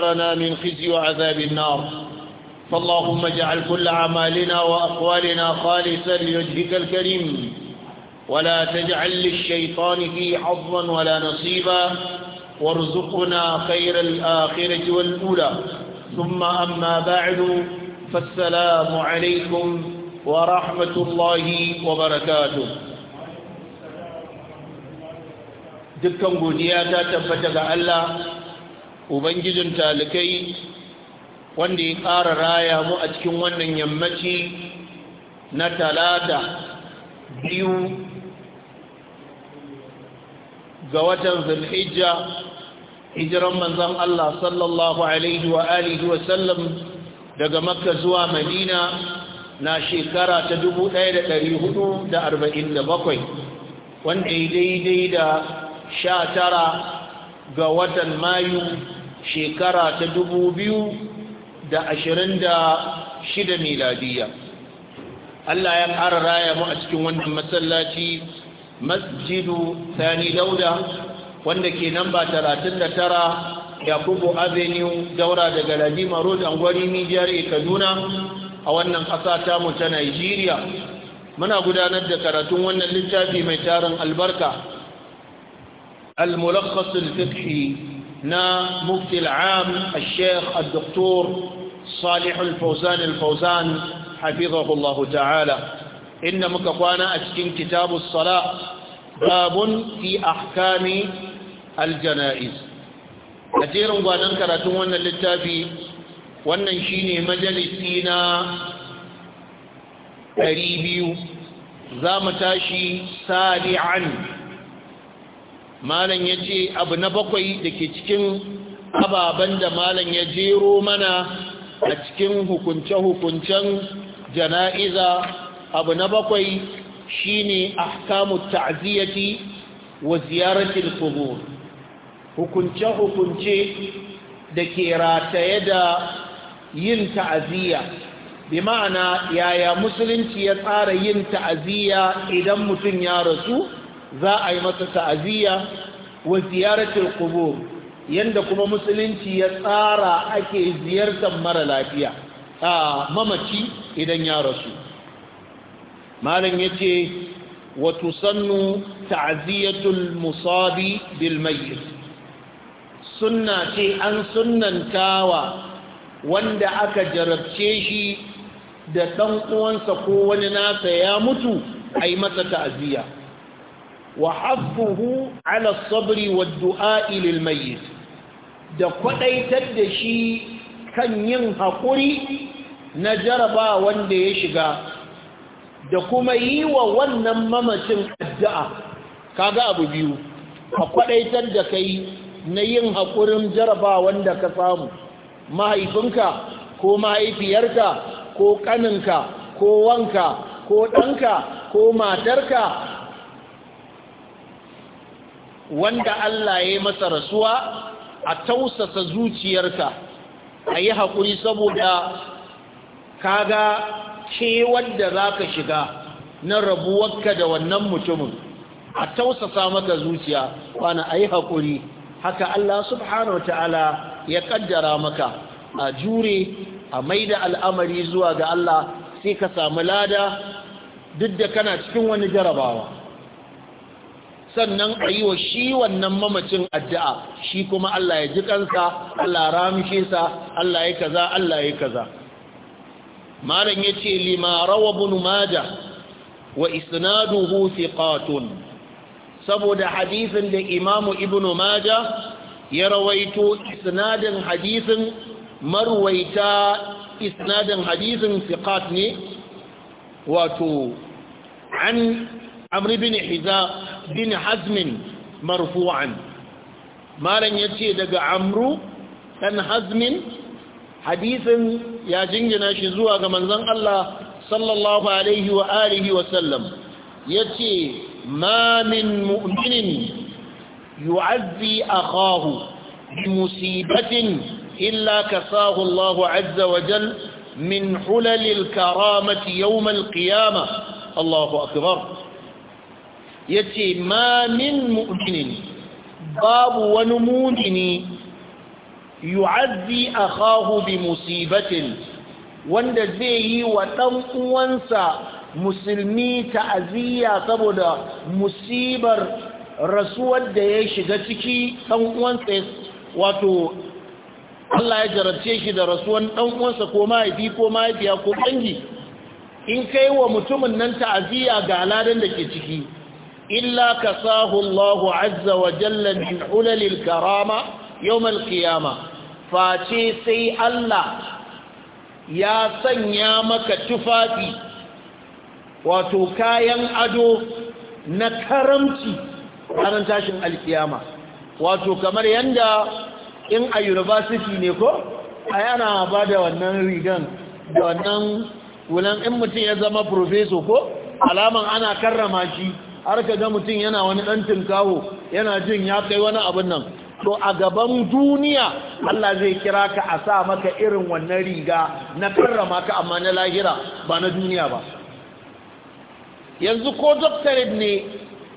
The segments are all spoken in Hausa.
بحرنا من خزي وعذاب النار فاللهم اجعل كل أعمالنا وأقوالنا خالصا لوجهك الكريم ولا تجعل للشيطان فيه حظا ولا نصيبا وارزقنا خير الآخرة والأولى ثم أما بعد فالسلام عليكم ورحمة الله وبركاته دكم قدياتا تفتك الله ubangijin talikai wanda ya ƙara raya mu a cikin wannan yammaci na talata biyu ga watan zulhijja hijiran manzan Allah sallallahu alaihi wa alihi wa sallam daga makka zuwa madina na shekara ta 1447 wanda ya daidai da sha tara ga watan mayu shekara ta dubu biyu da ashirin da shida miladiya Allah ya ƙara raya mu a cikin wannan masallaci masjidu sani dauda wanda ke Namba ba talatin da tara yakubu avenue daura daga ladima road angwari mijiyar kaduna a wannan ƙasa tamu ta nigeria muna gudanar da karatun wannan littafi mai tarin albarka al-mulakhasul fiqhi na mufti al'am al-sheikh al-doktor salih al-fawzan al-fawzan hafizahullahu ta'ala inda muka kwana a cikin kitabu sala babun fi ahkami al-jana'iz a jerin gwanon karatun wannan littafi wannan shine majalisi na 200 za mu tashi sari'an malam ya ce abu na bakwai da ke cikin ababen da malam ya jero mana a cikin hukunce-hukuncen jana'iza abu na bakwai shi ne shine kamu ta'ziyati wa ziyarar hukunce-hukunce da ke rataye da yin ta'aziyya bi ma'ana yaya musulunci ya tsara yin ta'aziyya idan mutum ya rasu za a yi masa ta'aziyya wa ziyaratul qubur yanda kuma musulunci ya tsara ake ziyartar mara lafiya a mamaci idan ya rasu malam yace wa tusannu ta'ziyatul musabi bil mayyit sunna ce an sunnantawa wanda aka jarabce shi da dan uwansa ko wani nasa ya mutu ai masa ta'ziya وحفه على الصبر والدعاء للميت da kwadaitar da shi kan yin haƙuri na jaraba wanda ya shiga da kuma yi wa wannan mamacin addu'a kaga abu biyu a kwadaitar da kai na yin haƙurin jaraba wanda ka samu mahaifinka ko mahaifiyarka ko ƙaninka ko wanka ko ɗanka ko matarka wanda Allah ya yi masa rasuwa a tausasa zuciyarka a yi haƙuri saboda kaga kewar da za ka shiga na rabuwarka da wannan mutumin a tausasa maka zuciya wani a yi haƙuri haka Allah subhanahu wa ta'ala ya ƙaddara maka a jure a maida al'amari zuwa ga Allah sai ka samu lada duk da kana cikin wani jarabawa sannan a yi wa shi wannan mamacin addu'a shi kuma Allah ya ji kansa Allah ramshe sa Allah ya kaza Allah ya kaza malam yace lima rawa bun maja wa isnaduhu thiqatun saboda hadisin da imamu ibn maja ya rawaito isnadin hadisin marwaita isnadin hadisin thiqat ne wato an amri bin Hiza. bin hazmin marfu'an malam ya ce daga amru ɗan hazmin hadisin ya jingina shi zuwa ga manzon Allah sallallahu alaihi wa alihi wa sallam yace ma min mu'minin yu'azzi akahu musibatin illa kasahu Allah azza wa jal min hulalil karamati yawm al-qiyamah Allahu akbar ya ce ma min mu'minin babu wani mumini yu'azzi a bi musibatin wanda zai yi wa ɗan uwansa musulmi ta'aziyya saboda musibar rasuwar da ya shiga ciki ɗan uwansa wato Allah ya jarabce shi da rasuwan ɗan uwansa ko mahaifi ko mahaifiya ko dangi in kai wa mutumin nan ta'aziyya ga aladan da ke ciki إلا كساه الله عز وجل من علل الكرامة يوم القيامة فاتي سي الله يا سنيامك تفاتي وتكايا أدو نكرمتي ranar tashin alkiyama wato kamar yanda in a university ne ko a yana ba da wannan rigan da wannan wulan in mutum ya zama profeso ko alaman ana karrama shi har ka ga mutum yana wani ɗan kawo yana jin ya kai wani abin nan to a gaban duniya Allah zai kira ka a sa maka irin wannan riga na karrama ka amma na lahira ba na duniya ba yanzu ko doctorate ne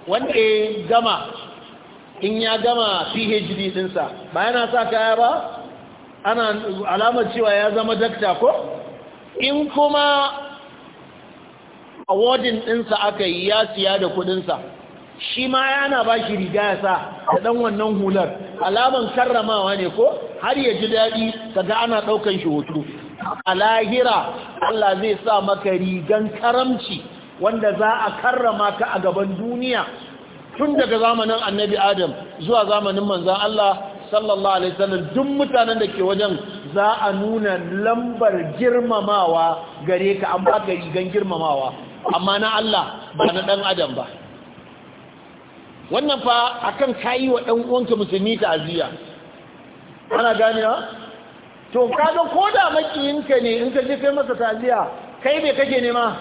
wanda ya gama in ya gama PhD dinsa ba yana sa kaya ba ana alamar cewa ya zama dakta ko in kuma awardin ɗinsa aka yi ya siya da kuɗinsa shi ma yana ba shi riga ya sa da ɗan wannan hular alaman karramawa ne ko har ya ji daɗi ga ana ɗaukan shi hoto a lahira Allah zai sa maka rigan karamci wanda za a karrama ka a gaban duniya tun daga zamanin annabi adam zuwa zamanin manzan Allah sallallahu alaihi wasallam duk mutanen da ke wajen za a nuna lambar girmamawa gare ka an baka rigan girmamawa amma na Allah ba na ɗan adam ba wannan fa akan kayi wa ɗan uwanka musulmi ta'aziya ana ganewa to kaga ko da makiyinka ne in ka je kai masa aziya kai bai kake nema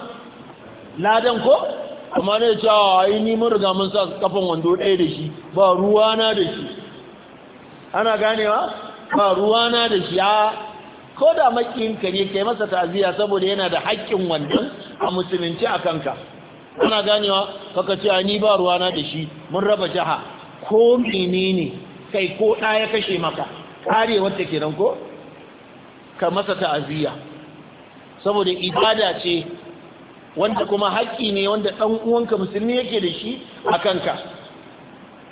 ladan ko amma ne cewa a ah, yi mun riga mun sa kafan wando ɗaya da shi ba ruwana da shi ana ganewa ba ruwana da shi a ko da makiyinka ne kai masa ta'aziyya saboda yana da haƙƙin wannan a musulunci a kanka ana ganewa kaka ce ni ba ruwana da shi mun raba jaha ko menene kai ko ya kashe maka kare wata kenan ko ka masa ta'aziyya saboda ibada ce wanda kuma haƙƙi ne wanda ɗan uwanka musulmi yake da shi a kanka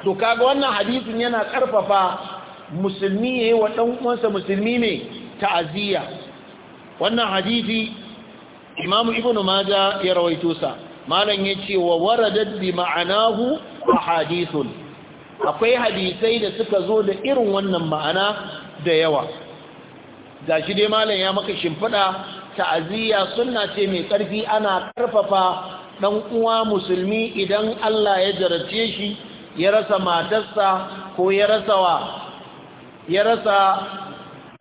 to kaga wannan hadisin yana ƙarfafa musulmi yi wa ɗan uwansa musulmi ne ta'aziyya wannan hadisi imam ibnu maja ya rawaito sa malam yace wa waradat bi ma'anahu ahadithun akwai hadisai da suka zo da irin wannan ma'ana da yawa gashi dai malam ya maka shimfida ta'aziyya sunna ce mai karfi ana karfafa dan uwa musulmi idan Allah ya jarabce shi ya rasa matarsa ko ya rasa wa ya rasa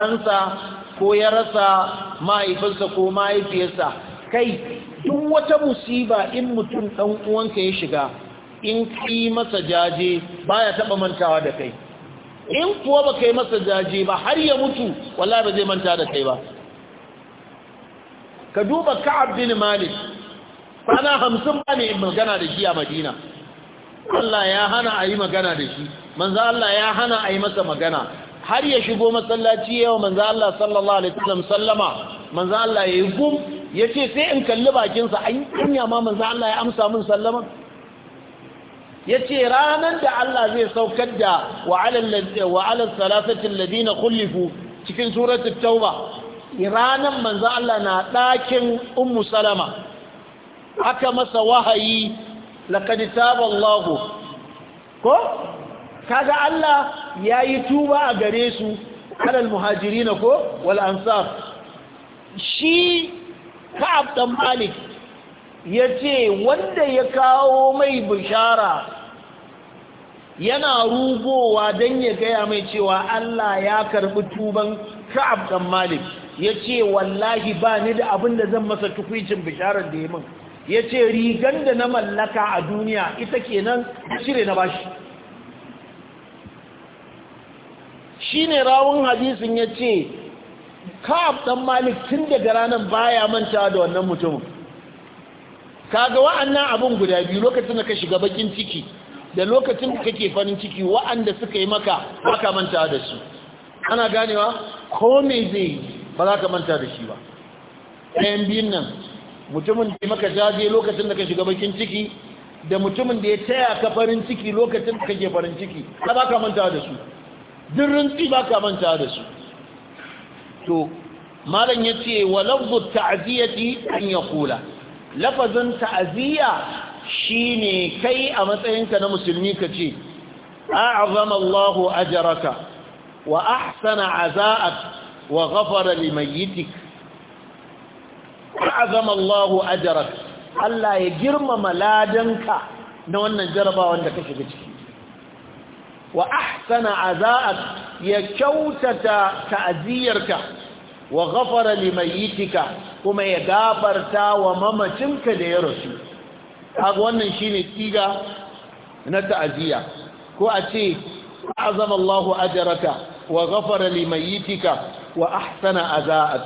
ɗansa ko ya rasa mahaifinsa ko mahaifiyarsa kai duk wata musiba in mutum ɗan uwanka ya shiga in ƙi masa jaje ba ya taɓa mantawa da kai in kuwa ba kai masa jaje ba har ya mutu wala ba zai manta da kai ba ka duba ka abin malik kwana hamsin ba ne magana da shi a madina Allah ya hana a yi magana da shi manza Allah ya hana a yi masa magana har ya shigo masallaci yawa manzo Allah sallallahu alaihi wasallam sallama manzo Allah yayi gum yace sai in kalli bakin sa an kunya ma manzo Allah ya amsa min sallama yace ranan da Allah zai saukar da wa alal wa alal salasati alladina khulifu cikin suratul tauba ranan manzo Allah na dakin ummu salama aka masa wahayi laqad taballahu ko kaga Allah ya yi tuba a gare su alal muhajiri na ko wal'ansar. shi ka'ab dan malik ya ce wanda ya kawo mai bishara yana rugowa don ya gaya mai cewa Allah ya karbi tuban ka'ab dan malik ya ce wallahi ba ni da abin da zan masa tukwicin bisharar da ya min ya ce rigan da na mallaka a duniya ita kenan cire na bashi shine rawun hadisin ya ce kaf dan malik tun daga ranar baya manta da wannan mutumin kaga wa'annan abin guda biyu lokacin da ka shiga bakin ciki da lokacin da kake farin ciki wa'anda suka yi maka baka manta da su ana ganewa ko me zai ba za ka manta da shi ba ɗayan biyun nan mutumin da maka jaje lokacin da ka shiga bakin ciki da mutumin da ya taya ka farin ciki lokacin da kake farin ciki ka ba ka manta da su duk rintsi ba ka manta da su to malam ya ce wa lafzu ta'aziyati an ya kula lafazin ta'aziyya shine kai a matsayinka na musulmi ka ce a'azama Allahu ajaraka. wa ahsana aza'ak wa ghafara limayyitik a'azama Allahu ajaraka. Allah ya girmama ladanka na wannan jarabawar da ka ciki wa ahsana aza'ak ya kyautata ta'aziyarka wa ghafara limayitika kuma ya gafarta wa mamacinka da ya rasu kaga wannan shine tiga na ta'aziya ko a ce azama Allah ajraka wa ghafara limayitika wa ahsana aza'ak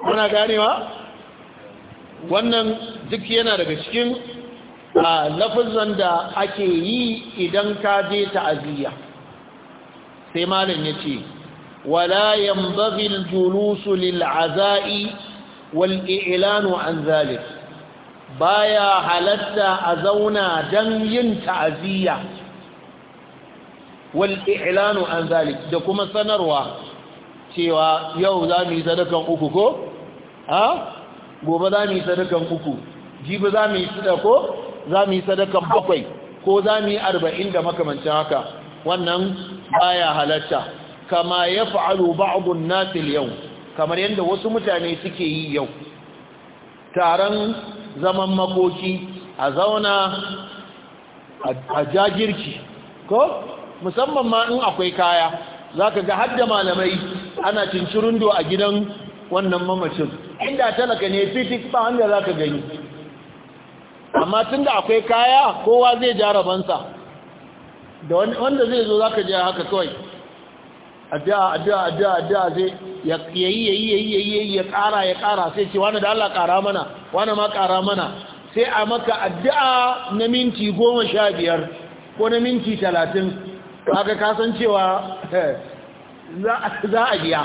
kuna ganewa wannan duk yana daga cikin a lafazan da ake yi idan ka je ta'aziyya sai malam ya ce wala yanbaghi al-julus lil-aza'i wal-i'lanu an zalik baya halatta a zauna dan yin ta'aziyya wal-i'lanu an zalik da kuma sanarwa cewa yau za mu yi sadakan uku ko ha gobe za mu yi sadakan uku jibi za mu yi sadako za mu yi sadakan bakwai ko za mu yi arba'in da makamancin haka wannan baya halatta kama ya fa'alu ba'adun nasil yau kamar yadda wasu mutane suke yi yau taron zaman makoki a zauna a jagirki ko musamman ma in akwai kaya za ka ga hadda malamai ana cincirundo a gidan wannan mamacin inda talaka ne fitik ba wanda za ka gani amma tun da akwai kaya kowa zai ja rabansa da wanda zai zo za ka ja haka kawai addu'a addu'a addu'a addu'a zai yayi yayi yayi yi ya ƙara ya ƙara sai ce wani da Allah ƙara mana wani ma ƙara mana sai a maka addu'a na minti goma sha biyar ko na minti talatin haka cewa eh, za a biya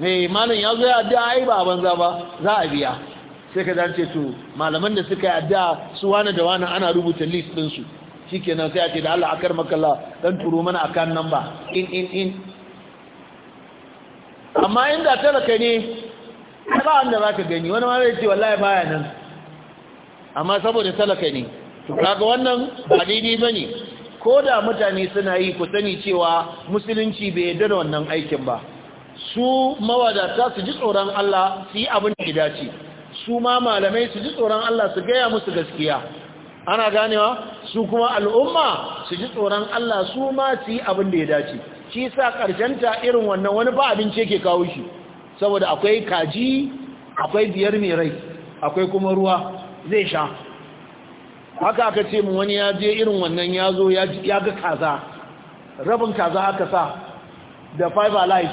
mai eh, malin ya zo ya addu'a ai ba banza ba za a biya sai ka zance to malaman da suka yi addu'a su wani da wani ana rubuta list ɗinsu shi shikenan sai a ce da Allah akar makalla dan turo mana a nan ba in in in amma inda talaka ne ba wanda za ka gani wani ma zai ce wallahi baya nan amma saboda talaka ne to kaga wannan ba daidai bane ko da mutane suna yi ku sani cewa musulunci bai yarda da wannan aikin ba su mawadata su ji tsoron Allah su yi abin da ya dace su ma malamai su ji tsoron Allah su gaya musu gaskiya ana ganewa su kuma al'umma su ji tsoron Allah su ma su yi abin da ya dace shi sa ta irin wannan wani ba abinci yake kawo shi saboda akwai kaji akwai biyar mai rai akwai kuma ruwa zai sha haka aka ce mu wani ya je irin wannan ya zo ya ga kaza rabin kaza aka sa da fiber life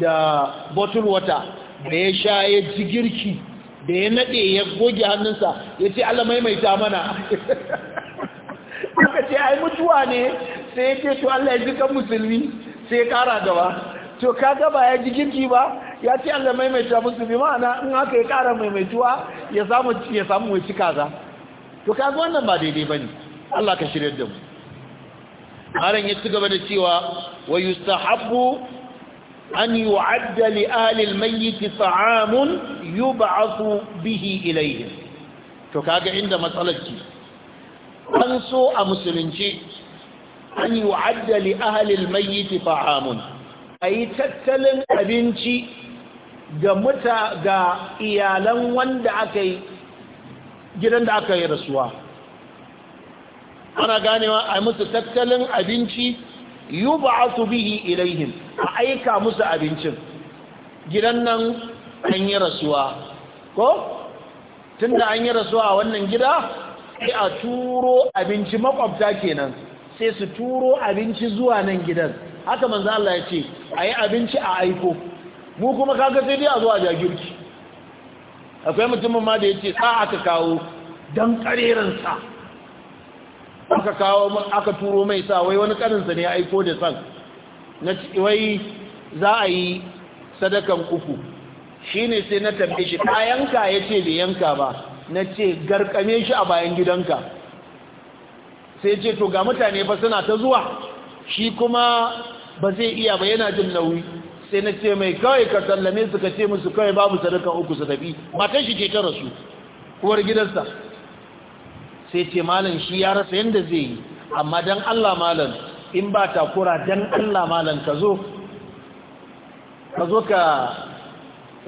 da bottle water da ya sha ya ji girki da ya naɗe ya goge hannunsa ya ce Allah maimaita mana aka ce ai mutuwa ne sai ya ce to Allah ya ji kan musulmi sai ya kara gaba to ka gaba ya ji girki ba ya ce Allah maimaita musulmi ma'ana in haka ya kara maimaituwa ya samu ya samu kaza to kaga wannan ba daidai ba ne. Allah ka shirya da mu haran ya ci gaba da cewa wa Habu? أن يعد لآل الميت طعام يبعث به إليهم تكاك عند أنسوا أمسلين شيء أن يعد لآل الميت طعام أي تتلن أبنشي ga muta ga iyalan wanda aka yi gidan da aka yi rasuwa ana ganewa a musu yub'athu bihi ilaihim a aika musu abincin gidan nan an yi rasuwa ko tunda an yi rasuwa a wannan gida sai a turo abinci makwabta kenan sai su turo abinci zuwa nan gidan haka manzo Allah ya ce ayi abinci a aiko mu kuma kaga sai dai a zuwa jagirki akwai mutumin ma da yace sa aka kawo dan karerin aka kawo aka turo mai sa wai wani kaninsa ne ya aiko da san na wai za a yi sadakan uku shine sai na tambaye shi ta yanka ya ce bai yanka ba na ce garkame shi a bayan gidanka sai ce to ga mutane ba suna ta zuwa shi kuma ba zai iya ba yana jin nauyi sai na ce mai kawai ka sallame su ka ce musu kawai babu sadakan uku su tafi matan shi ke ta rasu uwar gidansa sai ce malam shi ya rasa yadda zai yi amma don Allah malam in ba takura don Allah malam ka zo ka zo ka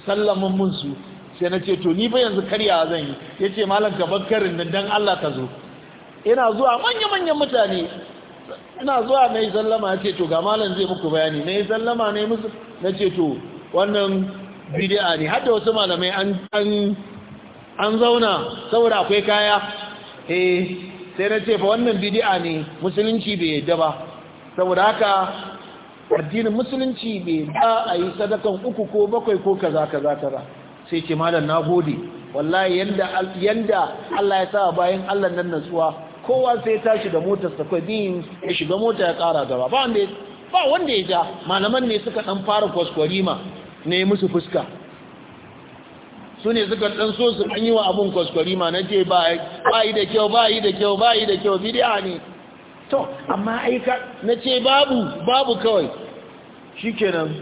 sallamin munsu sai na ce to ni fa yanzu karya zan yi ya ce malam ka bakarin nan don Allah ka zo ina zuwa manya-manyan mutane ina zuwa na yi sallama ya ce to ga malam zai muku bayani na yi sallama na yi musu na ce to wannan bidiya ne hadda wasu malamai an zauna saboda akwai kaya eh sai na ce fa wannan bidi'a ne musulunci bai yadda ba saboda haka addinin musulunci bai da a yi sadakan uku ko bakwai ko kaza kaza kaza sai ce malam nagode wallahi yanda yanda Allah ya sa bayan Allah nan natsuwa kowa sai tashi da motar sa kai din ya shiga mota ya kara gaba ba wanda ba wanda ya ja malaman ne suka dan fara kwaskwarima ne musu fuska su ne suka dan so su an yi wa abun kwaskwarima na ce ba yi da kyau ba yi da kyau ba yi da kyau bidiya ne to amma aika na ce babu babu kawai shi kenan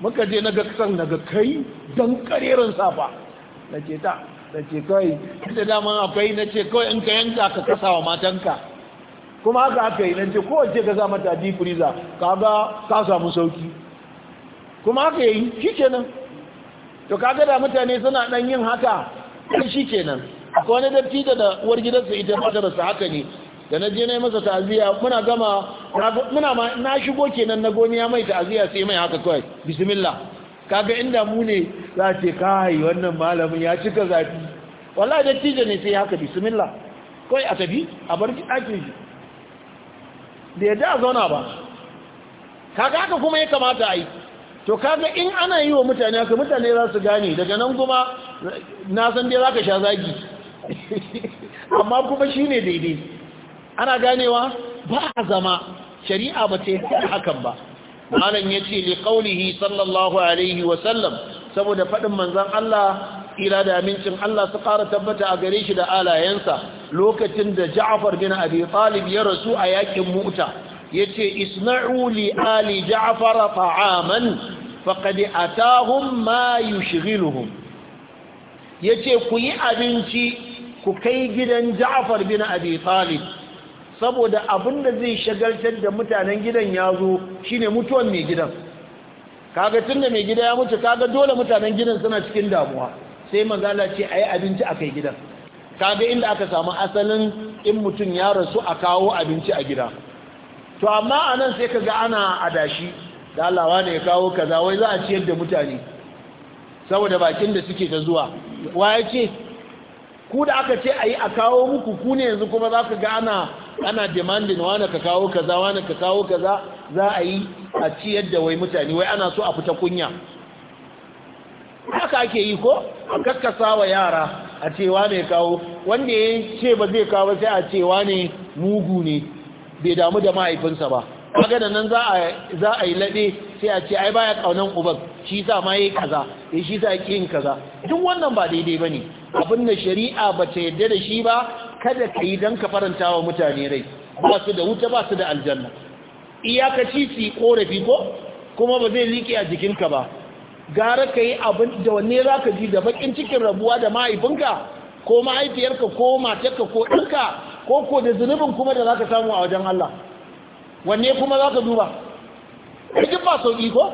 muka je na gaksar na kai don karerin safa na ce ta na ce kawai da daman akwai na ce kawai in ka yanka ka kasa wa matanka kuma haka aka yi na ce kowace ka za mata deep freezer ka ga ka samu sauki kuma haka yi shi kenan to kaga da mutane suna dan yin haka shi kenan akwai wani dattijo da uwar gidansa ita matarsa haka ne da na je na yi masa ta'aziyya muna gama muna ma na shigo kenan na goniya mai ta'aziyya sai mai haka kawai bismillah kaga inda mu ne za ce kai wannan malamin ya cika zafi wallahi dattijo ne sai haka bismillah kawai a tafi a bar ɗakin shi da yadda a zauna ba kaga haka kuma ya kamata a yi to kaga in ana yi wa mutane haka mutane za su gane daga nan kuma na san dai za ka sha zagi amma kuma shi ne daidai ana ganewa ba a zama shari'a ba ta yi hakan ba malam ya ce le kaunihi sallallahu alaihi wa saboda faɗin manzan Allah ila da amincin Allah su ƙara tabbata a gare shi da alayensa lokacin da Ja'far bin Abi Talib ya rasu a yakin Mu'ta yace isna'u li ali ja'afar ta'aman faƙaɗi a tahun ma yi shigiluhun ya ce ku yi abinci ku kai gidan ja'afar bin abi talib saboda da zai shagaltar da mutanen gidan ya zo shine mutuwan mai gidan kaga tun da mai gida ya mutu kaga dole mutanen gidan suna cikin damuwa sai magana ce a yi abinci a kai gidan kaga inda aka samu asalin in mutum ya rasu a kawo abinci a gida to amma anan nan sai kaga ana adashi da Allah wane ya kawo kaza wai za a ciyar da mutane saboda bakin da suke ta zuwa ya ce ku da aka ce ayi a kawo muku ku ne yanzu kuma za ka ga ana ana demanding wane ka kawo kaza wane ka kawo kaza za a yi a ciyar da wai mutane wai ana so a fita kunya haka ake yi ko a kakkasa wa yara a ce cewa ne kawo wanda ya ce ba zai kawo sai a wa ne mugu ne bai damu da mahaifinsa ba kaga da nan za a yi laɗe sai a ce ai baya kaunan uban shi sa ma yayi kaza eh shi sa yake yin kaza duk wannan ba daidai bane abin da shari'a ba ta yarda da shi ba kada ka yi dan ka faranta wa mutane rai ba su da wuta ba su da aljanna iyakaci su yi korafi ko kuma ba zai liƙe a jikinka ba gara ka yi abin da wanne za ka ji da bakin cikin rabuwa da mahaifinka ko mahaifiyarka ko matarka ko ɗinka ko ko da zunubin kuma da za ka samu a wajen Allah wanne kuma za ka duba rikin ba sauƙi ko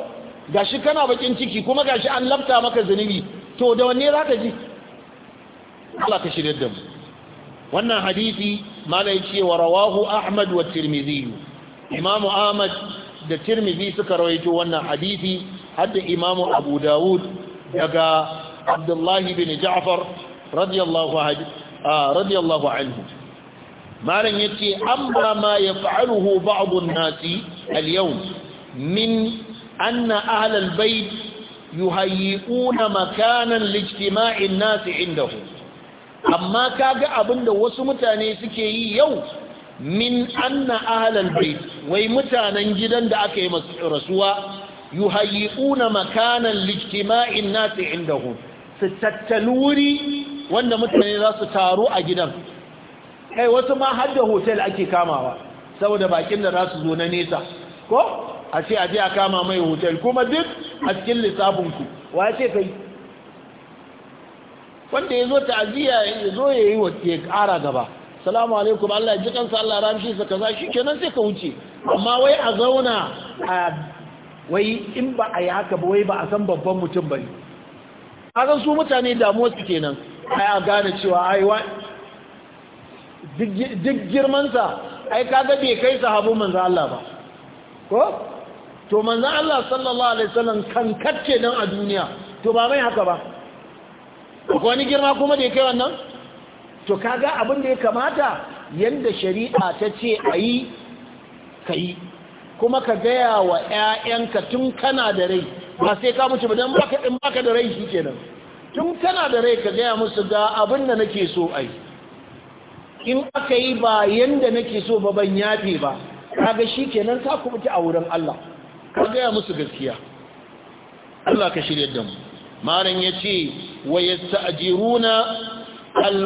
shi kana bakin ciki kuma gashi an lafta maka zunubi to da wanne za ka ji Allah ka shirya da mu wannan hadisi malai ce wa rawahu ahmad wa tirmidhi imamu ahmad da tirmidhi suka rawaito wannan hadisi hadda imamu abu dawud daga abdullahi bin ja'far radiyallahu anhu ah, malam yace amma ma yaf'aluhu ba'd an-nas al-yawm min anna ahla al-bayt yuhayyi'una makanan lijtima'i an-nas 'indahu amma kaga abinda wasu mutane suke yi yau min anna ahla al-bayt wai mutanen gidan da aka yi masu rasuwa yuhayyi'una makanan lijtima'i an-nas 'indahu su tattali wuri wanda mutane za su taru a gidan kai wasu ma har da hotel ake kamawa saboda bakin da za zo na nesa ko a ce a je a kama mai hotel kuma duk a cikin lissafinku wa ce kai wanda ya zo ta'aziyya ya zo ya yi wata ya ƙara gaba salamu alaikum Allah ya ji kansa Allah ramshi sa kaza shi kenan sai ka wuce amma wai a zauna a wai in ba a yi haka ba wai ba a san babban mutum bane kaga su mutane damuwa su kenan ai a gane cewa ai duk girmansa ai kaga bai kai sahabu manzo Allah ba ko to manzo Allah sallallahu alaihi wasallam kan kacce dan a duniya to ba mai haka ba ko wani girma kuma da ya kai wannan to kaga abin da ya kamata yanda shari'a ta ce ayi kai kuma ka gaya wa ƴaƴanka tun kana da rai ba sai ka mutu ba dan baka din baka da rai shikenan tun kana da rai ka gaya musu ga abin da nake so ayi in aka yi ba yanda nake so ba ban yafe ba kaga shikenan ka kubuta a wurin Allah ka gaya musu gaskiya Allah ka shirye da mu malan yace wa yasta'jiruna al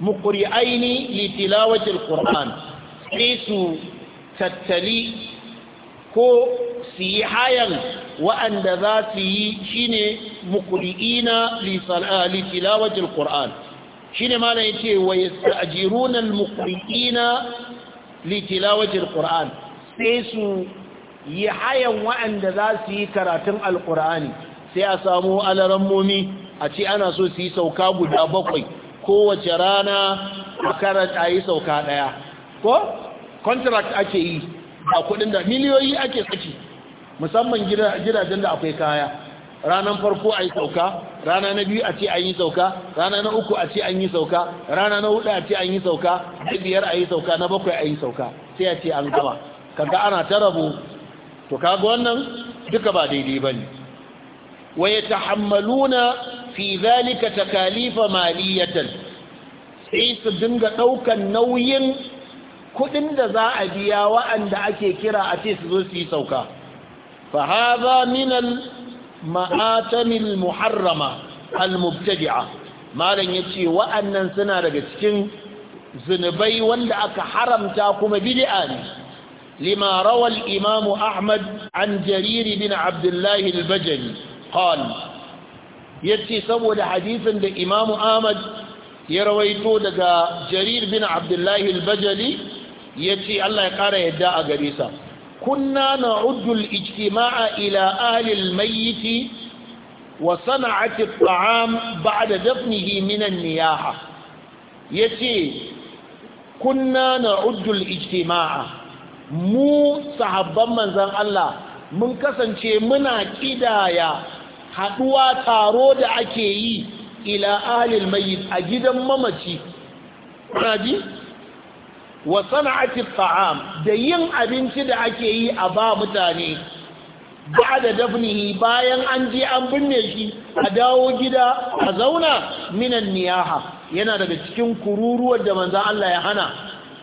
muqri'aini li tilawati al-qur'an su tattali ko su yi hayan wa'anda za su yi shine muqri'ina li salati tilawati al-qur'an shine malam ce wa yastajiruna almuqri'ina li litilawajin alquran sai su yi hayan wa'anda za su yi karatun alqur'ani sai a samu momi a ce ana so su yi sauka guda bakwai kowace rana a karanta yi sauka ɗaya? ko contract ake yi a kudin da miliyoyi ake saki musamman gidajen da akwai kaya ranar farko a yi sauka rana na biyu a ce an yi sauka rana na uku a ce an yi sauka rana na hudu a ce an yi sauka na biyar a yi sauka na bakwai a yi sauka sai a ce an gama kaga ana ta rabo to kaga wannan duka ba daidai ba ne wa ya tahammaluna fi zalika takalifa maliyatan sai su dinga ɗaukan nauyin kuɗin da za a biya wa'anda ake kira a ce su zo su yi sauka fa hadha min al ma'atamil muharrama al-mubtadi'a malam yace wa'annan suna daga cikin zunubai wanda aka haramta kuma bid'a ne lima rawa al-imam ahmad an jarir bin abdullah al-bajali qala yace saboda hadisin da imam ahmad ya rawaito daga jarir bin abdullah al-bajali yace Allah ya kara yadda a gare sa كنا نعد الاجتماع إلى أهل الميت وصنعة الطعام بعد دفنه من النياحة يتي كنا نعد الاجتماع mu sahabban manzan Allah mun kasance muna kidaya haɗuwa taro da ake yi ila ahlil mayyit a gidan mamaci wa sana'ati ta'am da yin abinci da ake yi a ba mutane ba da dafnihi bayan an je an binne shi a dawo gida a zauna minan niyaha yana daga cikin kururuwar da manzan Allah ya hana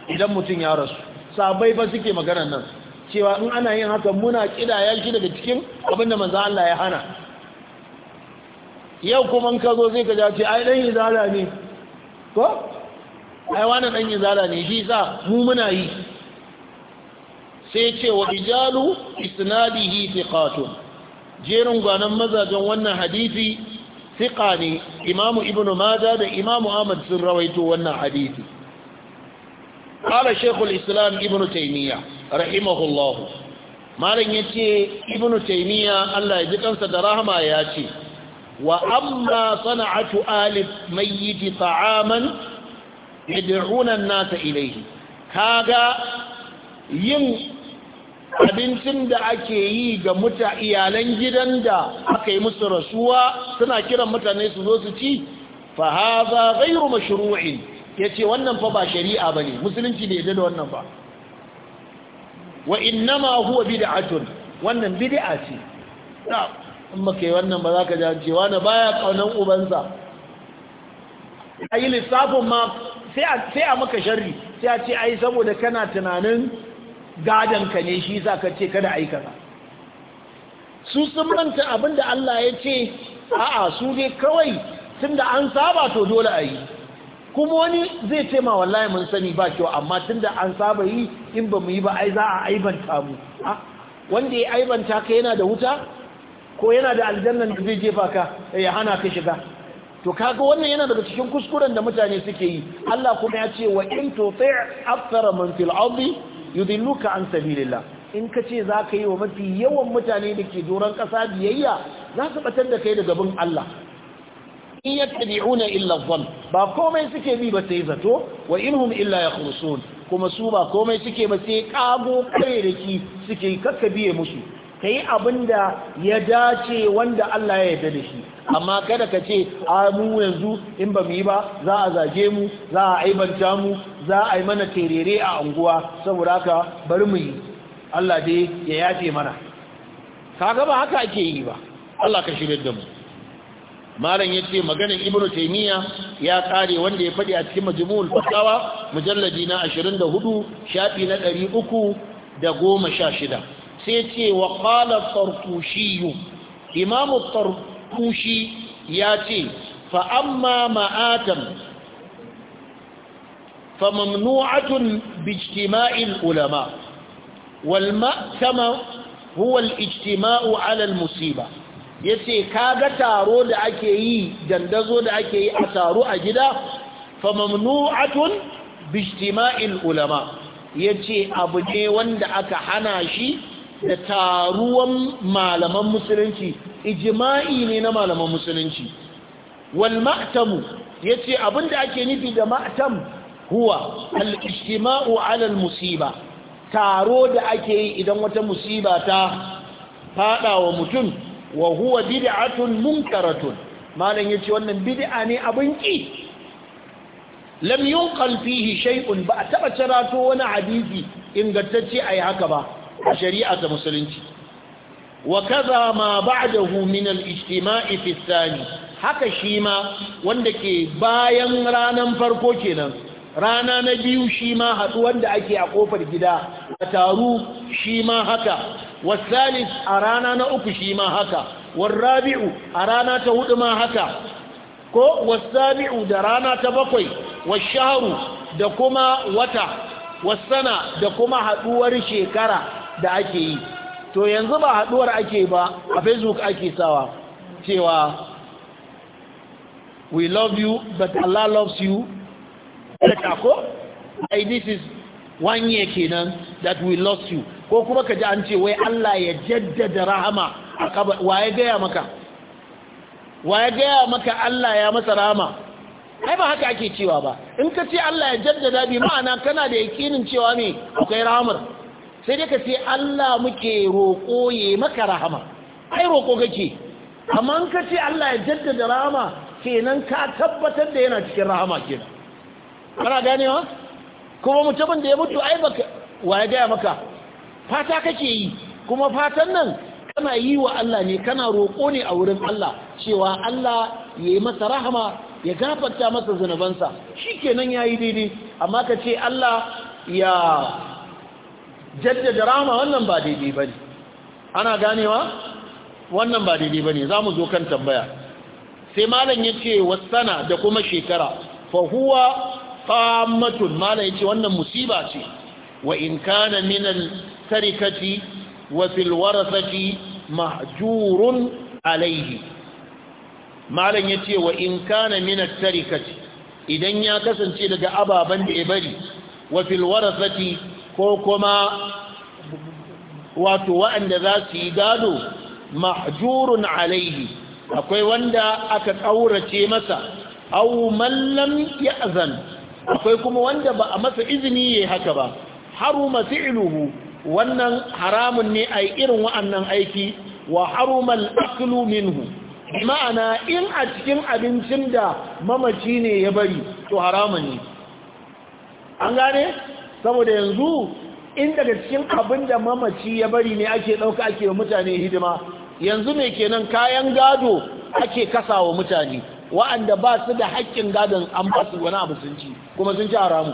idan mutum ya rasu sabai ba suke magana nan cewa in ana yin haka muna kidaya shi daga cikin abin da manzan Allah ya hana yau kuma ka zo zai ka ja ce ai dan izala ne ko ai wani dan izala ne shi sa mu muna yi sai ce wa rijalu isnadihi thiqatun jerin gwanan mazajen wannan hadisi thiqa ne imamu ibnu majah da imamu ahmad sun rawaito wannan hadisi qala shaykhul islam ibnu taymiya rahimahullahu malam yace ibnu taymiya Allah ya ji kansa da rahama ya ce wa amma sana'atu alif mayyit ta'aman yad'una an-nas ilayhi kaga yin abincin da ake yi ga muta iyalan gidan da aka yi musu rasuwa suna kiran mutane su zo su ci fa hadha ghayru mashru'in yace wannan fa ba shari'a bane musulunci bai yarda da wannan ba wa innama huwa bid'atun wannan bid'a ce Amma kai wannan ba za ka ji cewa na baya kaunan ubansa ayi lissafin ma sai a maka sharri sai a ce ai saboda kana tunanin gadon ka ne shi za ka ce kada aika ba su sun manta abinda Allah ya ce a'a su dai kawai tun da an saba to dole a yi kuma wani zai ce ma wallahi mun sani ba kyau amma tun da an saba yi in ba mu yi ba ai za a aibanta mu wanda ya aibanta ka yana da wuta ko yana da aljannan da zai jefa ka ya hana ka shiga to kaga wannan yana daga cikin kuskuren da mutane suke yi Allah kuma ya ce wa in tuti' aktsara man fil ardi yudilluka an sabilillah in ka ce za yi wa mafi yawan mutane da ke doron ƙasa biyayya za su batar da kai daga gaban Allah in yattabi'una illa dhann ba komai suke bi ba sai zato wa inhum illa yakhrusun kuma su ba komai suke ba sai kago kare da ki suke kakkabiye musu ka yi abin da ya dace wanda Allah ya yarda da shi amma kada ka ce a mu yanzu in ba mu yi ba za a zage mu za a aibanta mu za a yi mana terere a unguwa, saboda haka bari mu yi Allah dai ya yace mana kaga ba haka ake yi ba Allah ka shirye da mu malam yace maganar ibnu taymiya ya kare wanda ya fadi a cikin majmu'ul fatawa mujalladi na 24 shafi na 316 sai ce wa qala tartushi imam tartushi ya ce fa amma ma'atam fa ulama wal ma'tama ijtima'u alal al musiba yace kaga taro da ake yi dandazo da ake yi a taro a gida famamnu'atun mamnu'atun bi ijtima'il ulama yace abu ne wanda aka hana shi da taruwan malaman musulunci ijima'i ne na malaman musulunci wal ma'tamu yace abinda ake nufi da ma'tam huwa al-ijtima'u 'ala al-musiba taro da ake yi idan wata musiba ta fada wa mutum wa huwa bid'atun munkaratun malan yace wannan bid'a ne abin ki lam yunqal fihi shay'un ba taba cirato wani hadisi ingantacce ayi haka ba a shari'a ta musulunci wa kaza ma ba'dahu min al-ijtima'i fi thani haka shi ma wanda ke bayan ranan farko kenan rana na biyu shi ma haɗu da ake a ƙofar gida a taru shi ma haka wasalis a rana na uku shi ma haka Rabi'u a rana ta hudu ma haka ko wasabi'u da rana ta bakwai washaru da kuma wata wasana da kuma haɗuwar shekara da ake yi to yanzu ba haduwar ake ba a facebook ake sawa cewa we love you but Allah loves you ɗaka ko? ai this is one year kenan that we lost you ko kuma ka ji an ce wai Allah ya jaddada rahama wa ya gaya maka wa ya gaya maka Allah ya masa rahama ai ba haka ake cewa ba in ka ce Allah ya jaddada bi ma'ana kana da yakinin cewa ne akwai rahamar sai dai ka ce Allah muke roƙo ya maka rahama ai roƙo kake amma an ka ce Allah ya jaddada rahama kenan ka tabbatar da yana cikin rahama kenan kana ganewa kuma mutumin da ya mutu ai baka wa ya maka fata kake yi kuma fatan nan kana yi wa Allah ne kana roƙo ne a wurin Allah cewa Allah ya yi masa rahama ya gafarta masa zunubansa shi kenan ya daidai amma ka ce Allah ya jaddada rama wannan ba daidai ba ne. ana ganewa wannan ba daidai ba ne, za mu zo kan tambaya sai malam ya yace wasana da kuma shekara fahuwa huwa Malam ya ce wannan musiba ce wa in kana minan al tarikati wa fil warasati mahjurun alaihi. malam ya ce wa in kana minan al tarikati idan ya kasance daga ababen da ya bari wa fil warasati ko kuma wato waɗanda za su yi gado mahjurun alaihi akwai wanda aka ƙaurace masa au mallam ya'zan akwai kuma wanda ba a masa izini yayi haka ba haruma fi'luhu wannan haramun ne ai irin wa'annan aiki wa haruma al-aklu minhu ma'ana in a cikin abincin da mamaci ne ya bari to haramun ne an gane saboda yanzu in daga cikin abin da mamaci ya bari ne ake ɗauka ake wa mutane hidima yanzu ke kenan kayan gado ake kasa wa mutane wa'anda ba su da haƙƙin gadon an ba su wani abu sun ci kuma sun ci haramu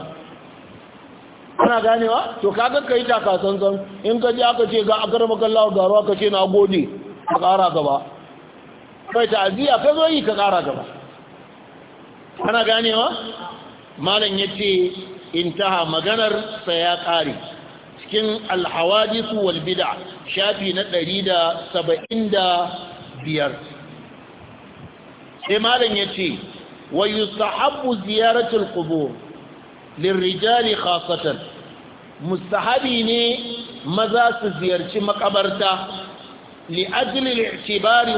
ana ganewa to kaga ka yi taka tsantsan in ka ji aka ce ga akar makallawa garuwa ka ce na gode ka ƙara gaba kai aziya ka zo yi ka ƙara gaba ana ganewa malam ya ce intaha maganar sa ya ƙare cikin alhawadithu wal bid'a shafi na ɗari da da saba'in biyar. sai malam ce wa yustahabbu ziyaratu alqubur lirrijali khasatar mustahabi ne maza su ziyarci makabarta li ajli al-i'tibari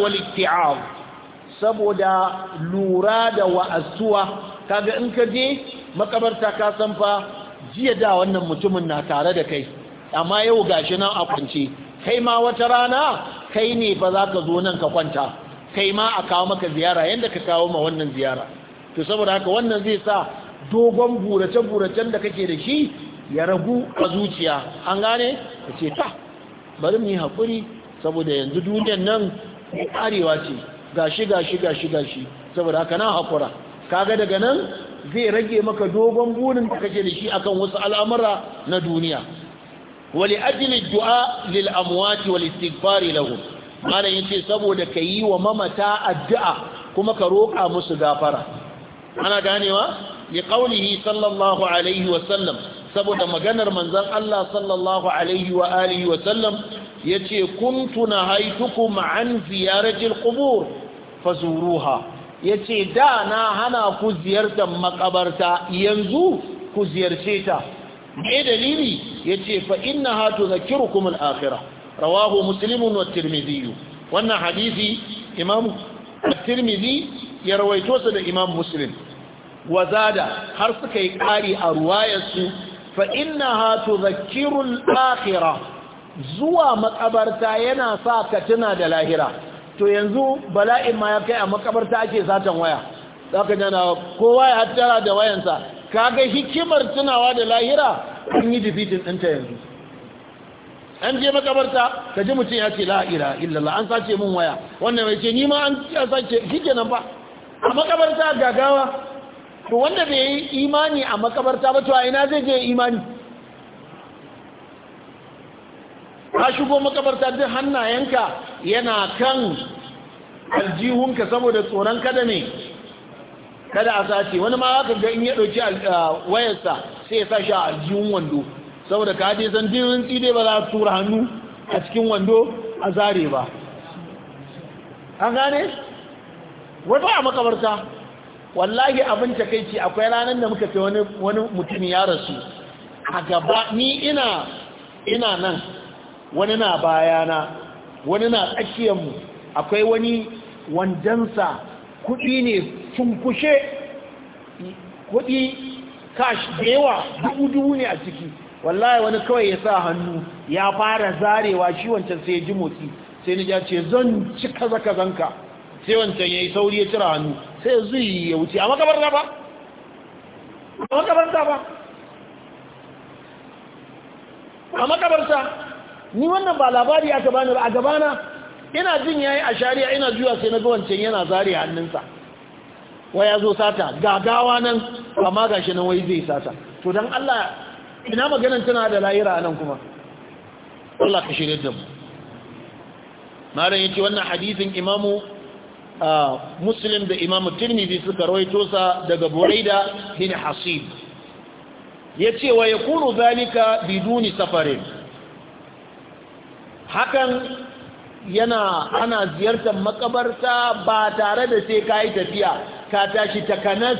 saboda lura da wa'asuwa kaga in ka je makabarta ka san fa jiya da wannan mutumin na tare da kai amma yau gashi nan a kwance kai ma wata rana kai ne fa za ka zo nan ka kwanta kai ma a kawo maka ziyara yadda ka kawo ma wannan ziyara to saboda haka wannan zai sa dogon burace-buracen da kake da shi ya ragu a zuciya an gane ka ce ta bari mu yi haƙuri saboda yanzu duniyar nan arewa ce gashi gashi gashi gashi saboda haka nan haƙura kaga daga nan zai rage maka dogon burin da kake da shi akan wasu al'amura na duniya wali ajili du'a lil amwati wal istighfar lahum mana yace saboda yi wa mamata addu'a kuma ka roƙa musu gafara ana ganewa li qawlihi sallallahu alaihi wa sallam saboda maganar manzon Allah sallallahu alaihi wa alihi wa sallam yace kuntu nahaitukum an ziyaratil qubur fazuruha ya ce da na hana ku ziyartar makabarta yanzu ku ziyarce ta mai dalili ya ce fa'in na hatu na kirukumul rawahu musulmin wa wannan hadisi imam tirmidhi ya rawaito da imam muslim wazada har suka yi ƙari a ruwayarsu fa'in na hatu na kirul zuwa makabarta yana sa ka tuna da lahira to yanzu bala'in ma ya kai a makabarta ake satan waya za ka jana kowa ya tara da wayansa kaga hikimar tunawa da lahira an yi difitin ɗinta yanzu an je makabarta ka ji mutum ya ce la'ira illallah an sace min waya wannan mai ce ni ma an sace shi nan ba a makabarta gagawa to wanda bai yi imani a makabarta ba to a ina zai je imani ka shigo makabarta duk hannayenka yana kan aljihunka saboda tsoron kada ne kada a sace wani ma haka ga in ya ɗauki uh, wayarsa sai ya sashi a aljihun wando saboda ka je san jirin tside ba za a tura hannu a cikin wando a zare ba an gane wata a makabarta wallahi abin takaici akwai ranar da muka fi wani mutum ya rasu a gaba ni ina nan wani na bayana wani na tsakiyanmu akwai wani wandansa kuɗi ne cunkushe kuɗi kashi da yawa dubu-dubu ne a ciki wallahi wani kawai ya sa hannu ya fara zarewa shi wancan sai ya ji motsi sai ni ce zan ci kaza-kazanka sai wancan ya yi sauri ya cira hannu sai zai zuyi ya wuce a makabar ba a makabarta ba a makabarta ni wannan ba labari aka bani ba a gabana ina jin yayi a shari'a ina juya sai na ga wancan yana zare hannunsa waya zo sata gagawa nan amma gashi nan wai zai sata to dan Allah ina maganan tana da lahira nan kuma Allah ka shirye da mu malam yace wannan hadisin imamu muslim da imamu tirmidhi suka rawaito sa daga buraida bin hasib yace wa yakunu zalika biduni safarin hakan yana ana ziyartar makabarta ba tare da sai ka yi tafiya ka tashi takanas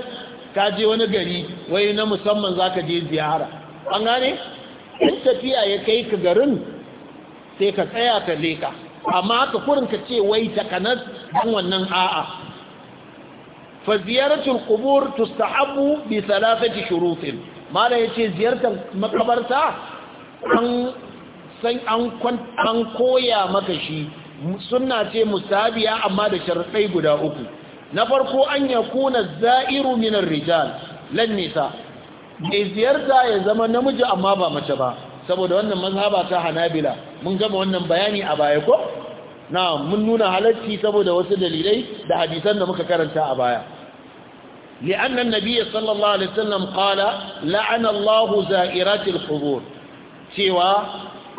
ka je wani gari wai na musamman za ka je ziyara an gane in tafiya ya kai ka garin sai ka tsaya ka leka amma haka kurin ka ce wai takanas don wannan a'a fa ziyaratul qubur tustahabu bi thalathati shurutin mala yace ziyartar makabarta an san an koya maka shi sunna ce musabiya amma da sharaɗai guda uku na farko an yakuna za'iru min rijal lan nisa mai ziyarta ya zama namiji amma ba mace ba saboda wannan mazhaba ta Hanabila mun gama wannan bayani a baya ko na mun nuna halacci saboda wasu dalilai da hadisan da muka karanta a baya لأن النبي صلى الله عليه وسلم قال لعن الله زائرات cewa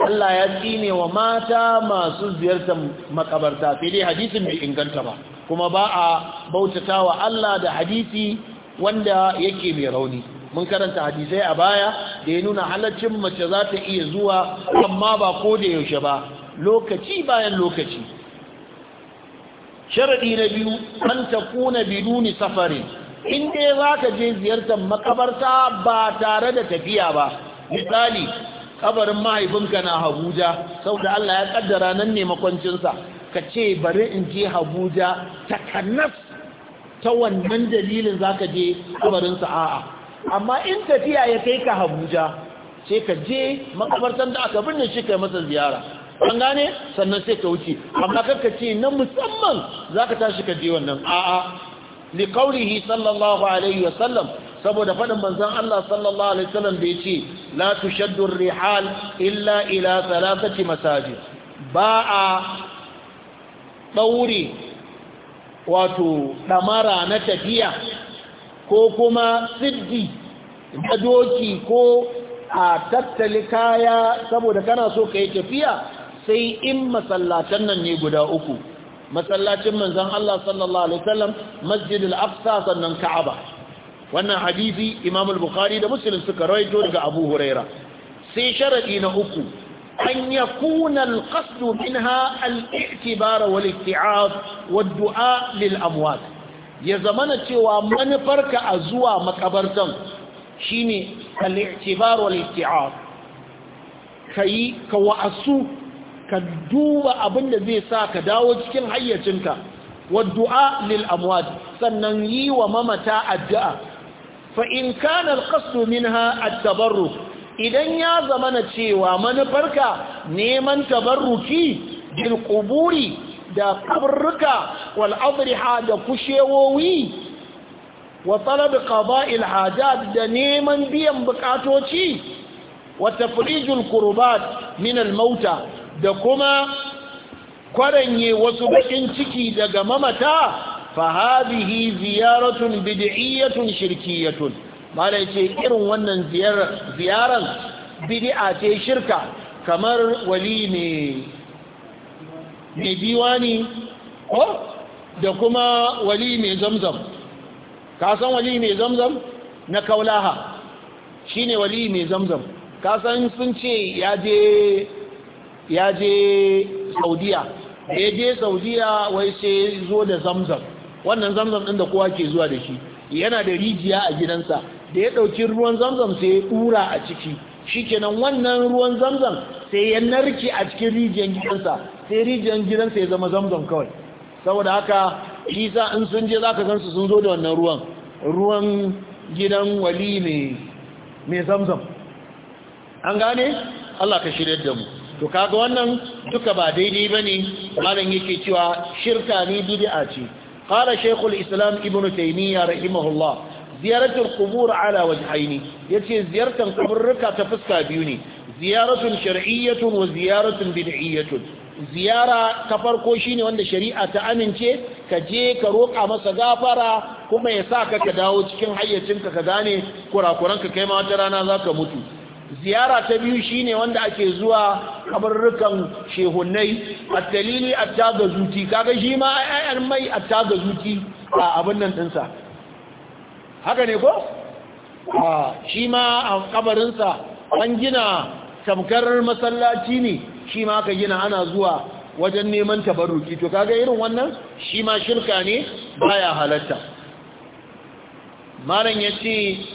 Allah ya tsine wa mata masu ziyartar makabarta sai dai hadisin bai inganta ba kuma ba a bautatawa Allah da hadisi wanda yake mai rauni mun karanta hadisai a baya da ya nuna halaccin mace za ta iya zuwa amma ba ko da yaushe ba lokaci bayan lokaci sharadi na biyu an ta kuna biduni safarin in dai za ka je ziyartar makabarta ba tare da tafiya ba misali kabarin mahaifinka na Habuja saboda Allah ya kaddara nan ne makwancinsa ka ce bari in je Habuja kanas ta wannan dalilin za ka je kabarinsa a'a amma in tafiya ya kai ka Habuja sai ka je makabartan da aka binne shi kai masa ziyara an gane sannan sai ka wuce amma kanka ce na musamman za ka tashi ka je wannan a'a liqaulihi sallallahu alaihi wasallam saboda faɗin manzon Allah sallallahu alaihi wasallam da yace la shaddun rihal illa ila salasati masaji ba a daure wato damara na tafiya ko kuma siddi da doki ko a tattali kaya saboda kana so ka yi tafiya sai in masallatan nan ne guda uku masallacin manzon Allah sallallahu alaihi wasallam masjidul aqsa sannan ka'aba wannan hadisi imam al-bukhari da muslim suka rawaito daga abu huraira sai sharadi na uku an yakuna al-qasd minha al-i'tibar wal-isti'ab wad-du'a lil-amwat ya zamana cewa manufarka a zuwa makabartan shine al-i'tibar wal-isti'ab kai ka wa'asu ka duba abin da zai sa ka dawo cikin hayyacinka wad-du'a lil-amwat sannan yi wa mamata addu'a fa'in kanar kasu min ha a tabarru idan ya zama na cewa manufarka neman tabarruki bil kuburi da kabarruka wal'adriha da kushewowi wa talabi qaba'il hajat da neman biyan bukatoci Wata firijin kurbat min al-mauta da kuma kwaranye wasu bakin ciki daga mamata فهذه زيارة بدعية irin wannan ليتي إرن ce زيارة, Kamar بدعة شركة كمر وليمي مديواني da kuma wali mai zamzam kasan wali mai zamzam na kaulaha shine wali mai zamzam kasan sun ce ya je saudiya da ya je saudiya wai sai zo da zamzam wannan zamzam ɗin da kowa ke zuwa da shi yana da rijiya a gidansa da ya ɗauki ruwan zamzam sai ya ɗura a ciki shi kenan wannan ruwan zamzam sai ya narke a cikin rijiyar gidansa sai rijiyar gidansa ya zama zamzam kawai saboda haka isa in sun je za ka zaka su sun zo da wannan ruwan ruwan gidan wali mai zamzam an gane Allah ka shirya da mu to kaga wannan duka ba daidai ba ne, malam yake cewa shirka ne bid'a ce قال شيخ الإسلام ابن تيمية رحمه الله زيارة القبور على وجهين يتي زيارة القبر ركا تفسك بيوني زيارة شرعية وزيارة بدعية ziyara ta farko shine wanda shari'a ta amince ka je ka roƙa masa gafara kuma ya sa ka dawo cikin hayyacinka ka gane kurakuranka kai ma wata rana za ka mutu ziyara ta biyu shine wanda ake zuwa kabarrukan shehunai a a talili at-tagazuti kaga shi ma ayyar mai a taga zuti a abin nan dinsa haka ne ko a shi ma a kabarinsa an gina tamkar masallaci ne shi ma aka gina ana zuwa wajen neman tabarruki to kaga irin wannan shi ma shirka ne baya halatta malam yace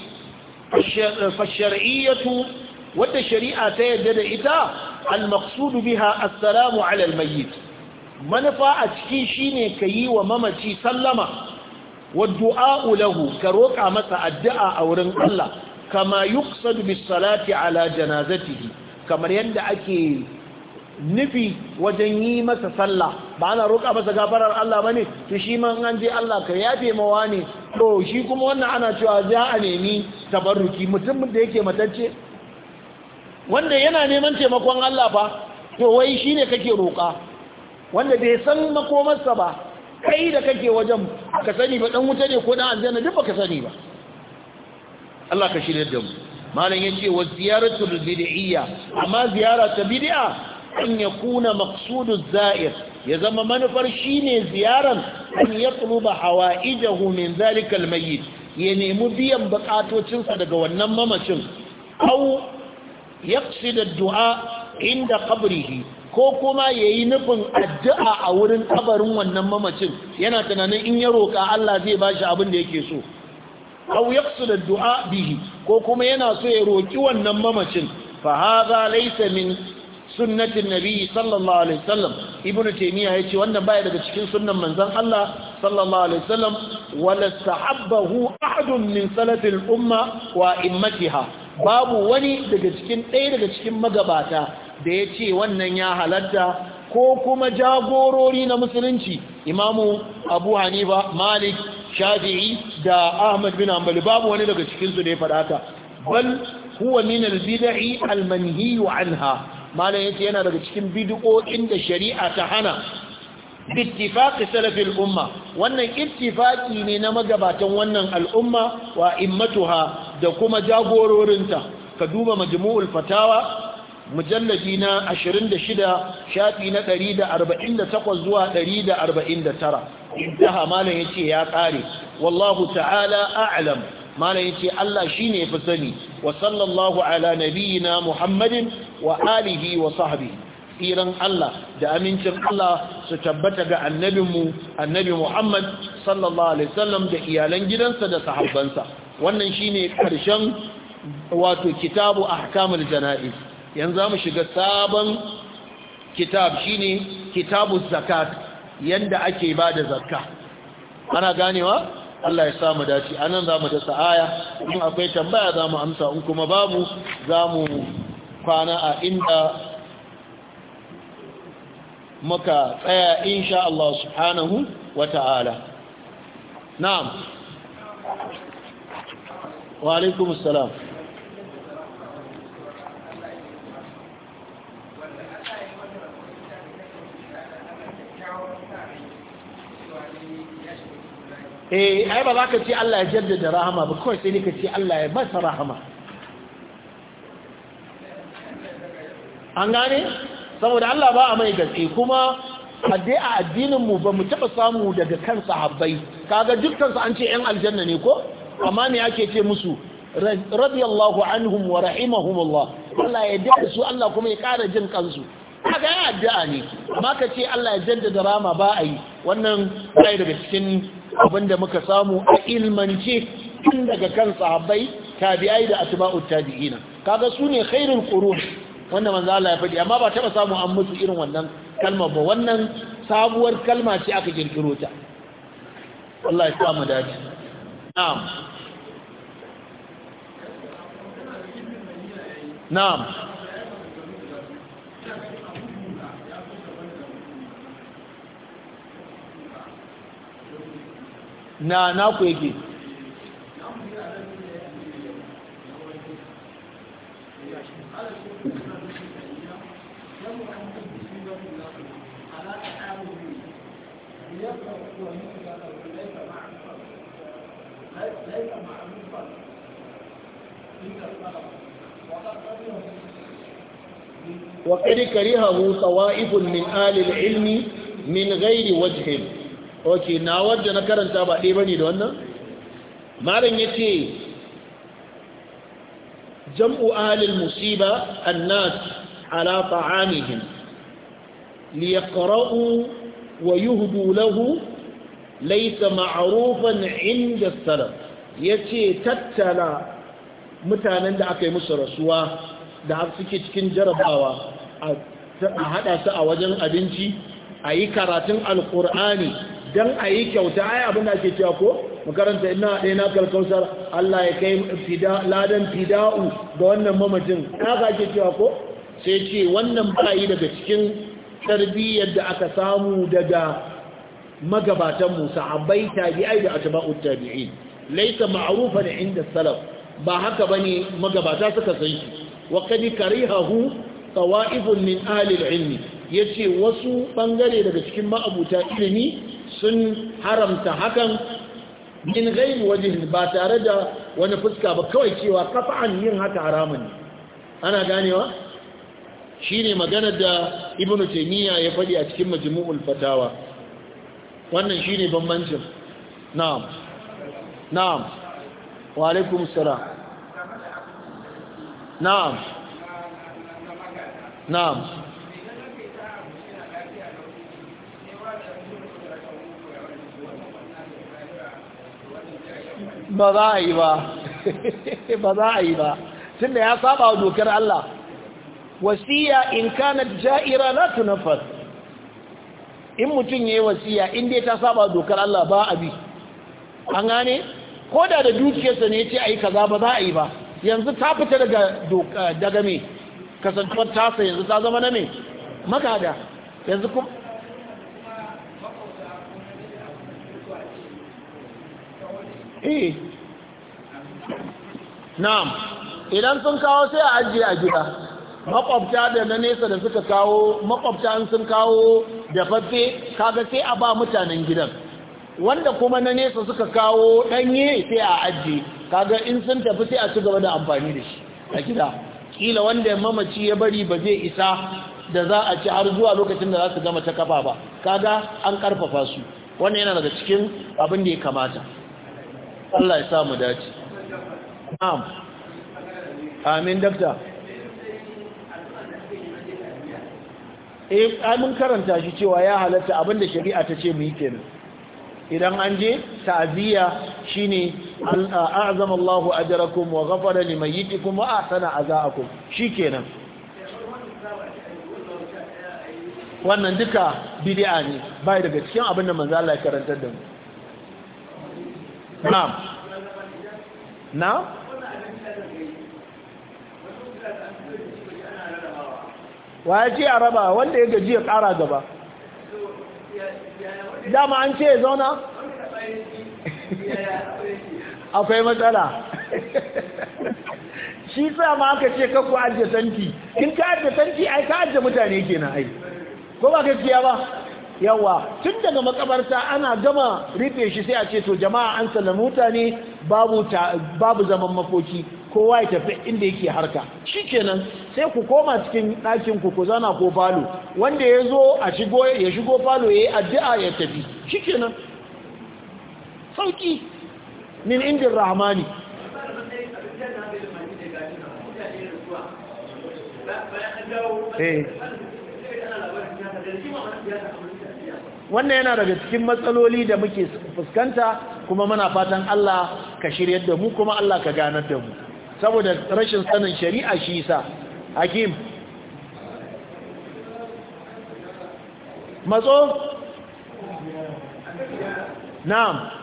fa shar'iyyatu wadda shari'a ta yadda da ita al-maqsudu biha assalamu ala al-mayyit manufa a ciki shine kayi wa mamaci sallama wa du'a lahu ka roka masa addu'a a wurin Allah kama yuqsadu bis salati ala janazatihi kamar yadda ake nufi wajen yi masa sallah ba ana roƙa masa gafarar Allah ba ne to shi man an je Allah ka yafe mawa ne to shi kuma wannan ana cewa za a nemi tabarruki mutumin da yake matacce wanda yana neman taimakon Allah fa to wai shine kake roƙa wanda bai san makomarsa ba kai da kake wajen ka sani ba dan wuta ne ko dan aljanna duk baka sani ba Allah ka shirye da mu malam yace wa ziyaratu bid'iyya amma ziyara ta bid'a an yakuna maqsudu za'ir ya zama manufar shine ziyaran an yatluba hawaijahu min zalika almayyit ya nemi biyan bukatocinsa daga wannan mamacin au يقصد du'a inda قبره ko kuma ya yi nufin addu'a a wurin kabarin wannan mamacin yana tunanin in ya roƙa Allah zai ba shi abin da yake so au yaqsu da du'a bihi ko kuma yana so ya roƙi wannan mamacin fa hadha laysa min sunnatin nabi sallallahu alaihi wasallam ibnu taymiya yace wannan baya daga cikin sunnan manzon Allah sallallahu alaihi wasallam wala sahabbahu ahadun min salatil umma wa immatiha babu wani daga cikin ɗaya daga cikin magabata da ya ce wannan ya halatta ko kuma jagorori na musulunci imamu abu hanifa malik shafi'i da ahmad bin hanbali babu wani daga cikinsu da ya faɗa haka bal huwa min al al anha malam yace yana daga cikin bid'o'in da shari'a ta hana bittifaqi salafil umma wannan ittifaqi ne na magabatan wannan al'umma wa immatuha da kuma jagororinta ka duba majmu'ul fatawa mujallabi na 26 shafi na 148 zuwa 149 intaha malam yace ya kare wallahu ta'ala a'lam malam yace Allah shine yafi sani wa sallallahu ala nabiyyina muhammadin wa alihi wa sahbihi tsiran Allah da amincin Allah su tabbata ga annabinmu annabi Muhammad sallallahu alaihi wasallam da iyalan gidansa da sahabbansa wannan shine ƙarshen wato kitabu ahkamul janaiz yanzu mu shiga sabon kitab shine kitabu zakat yadda ake bada zakka ana ganewa Allah ya samu dace anan zamu dasa aya, in akwai tambaya zamu amsa in kuma babu zamu kwana a inda muka tsaya insha Allah subhanahu wa ta'ala na'am وعليكم السلام eh ai ba za ka ce Allah ya jaddada rahama ba kawai sai ne ka ce Allah ya masa rahama an gane saboda Allah ba a mai gaske kuma hadde a addinin mu ba mu taba samu daga kan habbai kaga dukkan su an ce yan aljanna ne ko amma me ake ce musu radiyallahu anhum wa rahimahumullah Allah ya da su Allah kuma ya ƙara jin kansu kaga ya addu'a ne amma ka ce Allah ya jaddada rama ba a yi wannan sai daga cikin abinda muka samu a ilmance tun daga kan sahabbai tabi'ai da atba'ut tabi'ina kaga su ne khairul qurun Wannan manzo Allah ya faɗi amma ba taba samu an musu irin wannan kalma ba wannan sabuwar kalma ce aka kirkiro ta Allah ya sa mu dace na'am na'am na na ku yake ذكره طوائف من آل العلم من غير وجه اوكي ناود na karanta ba dai bane da wannan malam yace jam'u ahli musiba an-nas ala ta'amihim liyaqra'u wa yuhdu lahu laysa ma'rufan 'inda as-salaf yace tattala mutanen da aka yi musu rasuwa da har suke cikin jarabawa a a haɗa su a wajen abinci a yi karatun alkur'ani don a yi kyauta ai abin da ke cewa ko makaranta ina ɗaya na kalkausar Allah ya kai ladan fida'u ga wannan mamacin haka ke cewa ko sai ce wannan bayi daga cikin tarbiyyar da aka samu daga magabatan musa abai tabi'ai da tabi'i laisa ma'arufa da inda salaf ba haka bane magabata suka san shi wa kad karihahu tawa'ifun min alil ilmi yace wasu bangare daga cikin ma'abuta ilimi sun haramta hakan min ghairi wajhin ba tare da wani fuska ba kawai cewa kafa'an yin haka haramun ana ganewa ne maganar da ibnu taymiya ya faɗi a cikin majmu'ul fatawa wannan ne bambancin na'am na'am wa a'laikum salam na'am na'am ba za a yi ba ba za a yi ba tun da ya saba wa dokar Allah wasiya in kana ja'ira la tunfas in mutum yayi wasiya in dai ta saba dokar Allah ba abi an gane koda da dukiyarsa ne ya ce yi kaza ba za a yi ba yanzu ta fita daga daga me kasancewar tasa yanzu ta zama na ne makada yanzu kuma eh na'am idan sun kawo sai a ajiye a gida makwabta da na nesa da suka kawo makwabta sun kawo da fafe kaga sai a ba mutanen gidan wanda kuma na nesa suka kawo ɗanye sai a ajiye kaga in sun tafi sai a ci gaba da amfani da shi a gida kila wanda mamaci ya bari ba zai isa da za a ci har zuwa lokacin da za su gama ta kafa ba kaga an karfafa su wannan yana daga cikin abin da ya kamata Allah ya samu dace na'am amin dakta eh amin karanta shi cewa ya halatta abin da shari'a ta ce mu yi kenan idan an je ta'aziyya shine a'azama ajrakum wa ghafara limayyitikum wa ahsana azaakum shikenan wannan duka bid'a ne bai daga cikin abin da manzo Allah ya karantar da mu na'am na'am wa ya ce a raba wanda ya gaji ya kara gaba dama an ce ya zauna akwai matsala shi sa ma aka ce ku ajiye tanti in ka ajiye tanti ai ka ajiye mutane kenan ai ko ba gaskiya ba yawa tun daga makabarta ana gama rufe shi sai a ce to jama'a an sallama mutane babu babu zaman makoki kowa ya tafi inda yake harka shi kenan sai ku koma cikin ɗakin ku ku zana ko falo wanda ya zo a shigo ya shigo falo ya yi addu'a ya tafi shikenan sauki min indin rahmani eh. wannan yana daga cikin matsaloli da muke fuskanta kuma muna fatan Allah ka shiryar da mu kuma Allah ka ganar da mu saboda rashin sanin shari'a shi yasa hakim matso na'am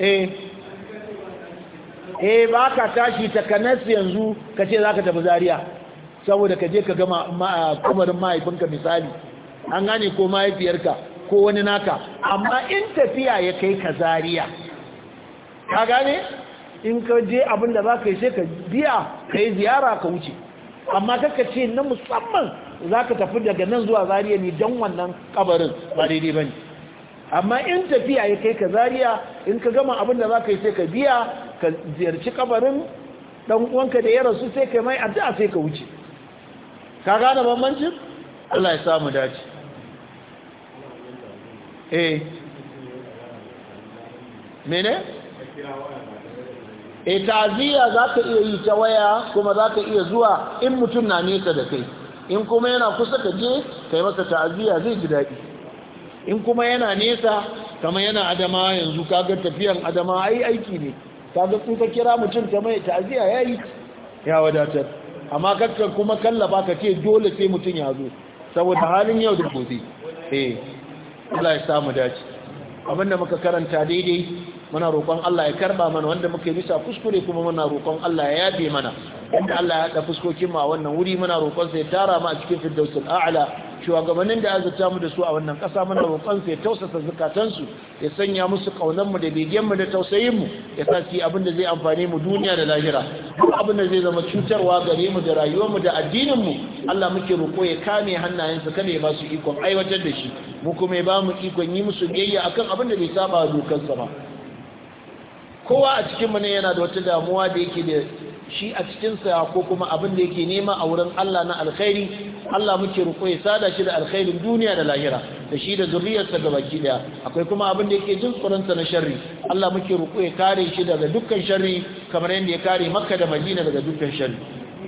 eh eh ba ka tashi takanas yanzu ka ce za ka tafi zariya saboda ka je ka gama kumarin mahaifinka misali an gane ko mahaifiyarka ko wani naka amma in tafiya ya kai ka zariya ka gane in ka je abin da za ka yi sai ka biya ka yi ziyara ka wuce amma kaka ce na musamman za ka tafi daga nan zuwa zariya ne don wannan kabarin ba daidai ba ne amma in tafiya ya kai ka zariya in ka gama abin da za ka yi sai ka biya ka ziyarci kabarin dan uwanka da ya rasu sai ka mai addu'a sai ka wuce ka gane bambancin Allah ya samu dace eh mene Eh taziya za ka iya yi ta waya kuma za ka iya zuwa in mutum na nesa da kai in kuma yana kusa ka je ka yi masa ta'aziyya zai ji daɗi in kuma yana nesa kamar yana adama yanzu kaga tafiyan adama ai aiki ne kaga kun ka kira mutum ta mai ta'aziya yayi ya wadatar amma kakka kuma kallaba ka ce dole sai mutum ya zo saboda halin yau da gobe eh Allah ya samu dace abinda muka karanta daidai muna roƙon Allah ya karba mana wanda muka yi bisa kuskure kuma muna roƙon Allah ya yabe mana wanda Allah ya haɗa fuskokin mu a wannan wuri muna roƙon sa ya tara mu a cikin firdausul a'la shugabannin da azurta mu da su a wannan ƙasa muna roƙon sai tausasa zukatansu ya sanya musu ƙaunar mu da begen mu da tausayin mu ya sa su abin da zai amfani mu duniya da lahira duk abin da zai zama cutarwa gare mu da rayuwarmu, mu da addinin mu Allah muke roƙo ya kame hannayensa kada ya ba su ikon aiwatar da shi mu kuma ya ba mu ikon yi musu biyayya akan abin da bai saba dokansa ba kowa a cikin mu ne yana da wata damuwa da yake da shi a cikinsa ko kuma abin da yake nema a wurin Allah na alkhairi Allah muke roƙo ya sada shi da alkhairin duniya da lahira da shi da zuriyarsa ga baki daya akwai kuma abin da yake jin tsoronsa na sharri Allah muke roƙo ya kare shi daga dukkan sharri kamar yadda ya kare Makka da Madina daga dukkan sharri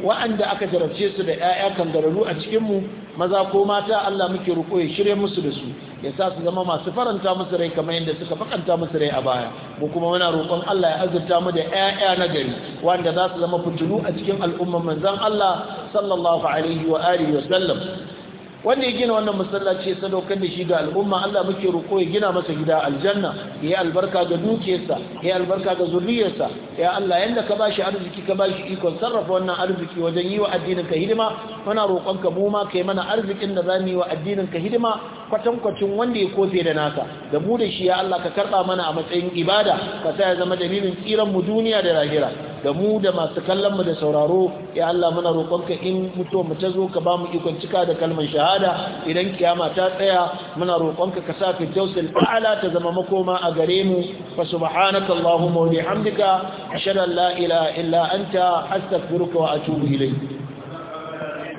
wa'anda aka jarabce su da 'ya'ya kangararru a cikin mu maza ko mata Allah muke roƙo ya shirye musu da su ya sa su zama masu faranta musu rai kamar yadda suka fakanta musu rai a baya mu kuma muna roƙon Allah ya azurta mu da ƴaƴa na gari wanda za su zama fitulu a cikin al'ummar manzon Allah sallallahu alaihi wa alihi wa sallam wanda ya gina wannan masallaci ya sadaukar da shi ga al'umma Allah muke roko ya gina masa gida aljanna ya yi albarka ga dukiyarsa ya yi albarka ga zuriyarsa ya Allah yanda ka bashi arziki ka bashi ikon sarrafa wannan arziki wajen yi wa addinin ka hidima muna roƙon ka mu ma kai mana arzikin da mu yi wa addinin ka hidima kwatankwacin wanda ya kofe da naka da mu da shi ya Allah ka karba mana a matsayin ibada ka sa ya zama dalilin tsiran mu duniya da lahira da mu da masu kallon mu da sauraro ya Allah muna roƙonka in mutuwa mu ta zo ka ba mu ikon cika da kalmar shahada idan kiyama ta tsaya muna roƙonka ka sa fi tausil ala ta zama makoma a gare mu fa subhanaka allahumma wa bihamdika ashhadu an la ilaha illa anta astaghfiruka wa atubu ilayk